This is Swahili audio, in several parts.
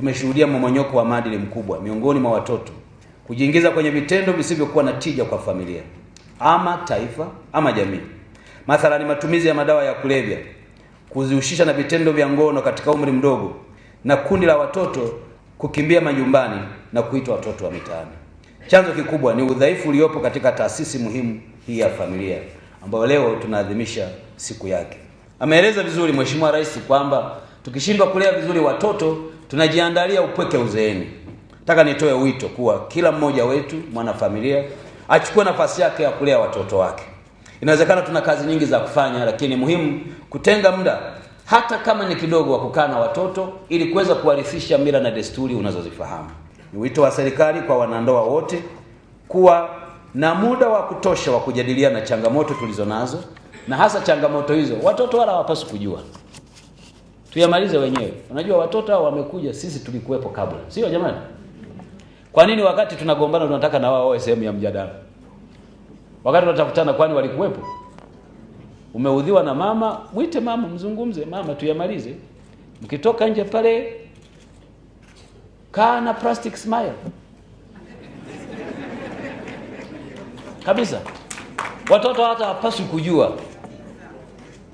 tumeshuhudia mmomonyoko wa maadili mkubwa miongoni mwa watoto, kujiingiza kwenye vitendo visivyokuwa na tija kwa familia ama taifa ama jamii. mathala ni matumizi ya madawa ya kulevya, kuzihushisha na vitendo vya ngono katika umri mdogo, na kundi la watoto kukimbia majumbani na kuitwa watoto wa mitaani. Chanzo kikubwa ni udhaifu uliopo katika taasisi muhimu hii ya familia ambayo leo tunaadhimisha siku yake. Ameeleza vizuri Mheshimiwa Rais kwamba tukishindwa kulea vizuri watoto tunajiandalia upweke uzeeni. Nataka nitoe wito kuwa kila mmoja wetu mwanafamilia achukue nafasi yake ya kulea watoto wake. Inawezekana tuna kazi nyingi za kufanya, lakini muhimu kutenga muda hata kama ni kidogo, wa kukaa na watoto ili kuweza kuwarithisha mila na desturi unazozifahamu. Ni wito wa serikali kwa wanandoa wote kuwa na muda wa kutosha wa kujadiliana changamoto tulizo nazo, na hasa changamoto hizo watoto wala hawapaswi kujua tuyamalize wenyewe. Unajua watoto hao wamekuja, sisi tulikuwepo kabla, sio jamani? Kwa nini wakati tunagombana tunataka na wao wawe sehemu ya mjadala? Wakati unatafutana kwani walikuwepo? Umeudhiwa na mama, mwite mama, mzungumze mama, tuyamalize. Mkitoka nje pale, kaa na plastic smile kabisa. Watoto hata hapaswi kujua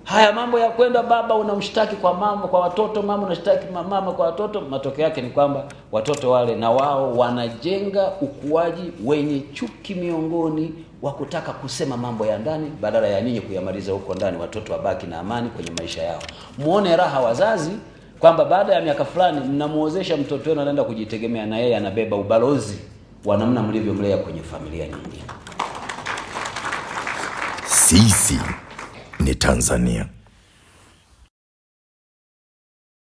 Haya mambo ya kwenda baba unamshtaki kwa mama kwa watoto, mama unashtaki mama kwa watoto. Matokeo yake ni kwamba watoto wale na wao wanajenga ukuaji wenye chuki miongoni wa kutaka kusema mambo ya ndani badala ya ninyi kuyamaliza huko ndani, watoto wabaki na amani kwenye maisha yao. Muone raha wazazi kwamba baada ya miaka fulani mnamuozesha mtoto wenu anaenda kujitegemea na yeye anabeba ubalozi wa namna mlivyomlea kwenye familia nyingine. Sisi ni Tanzania.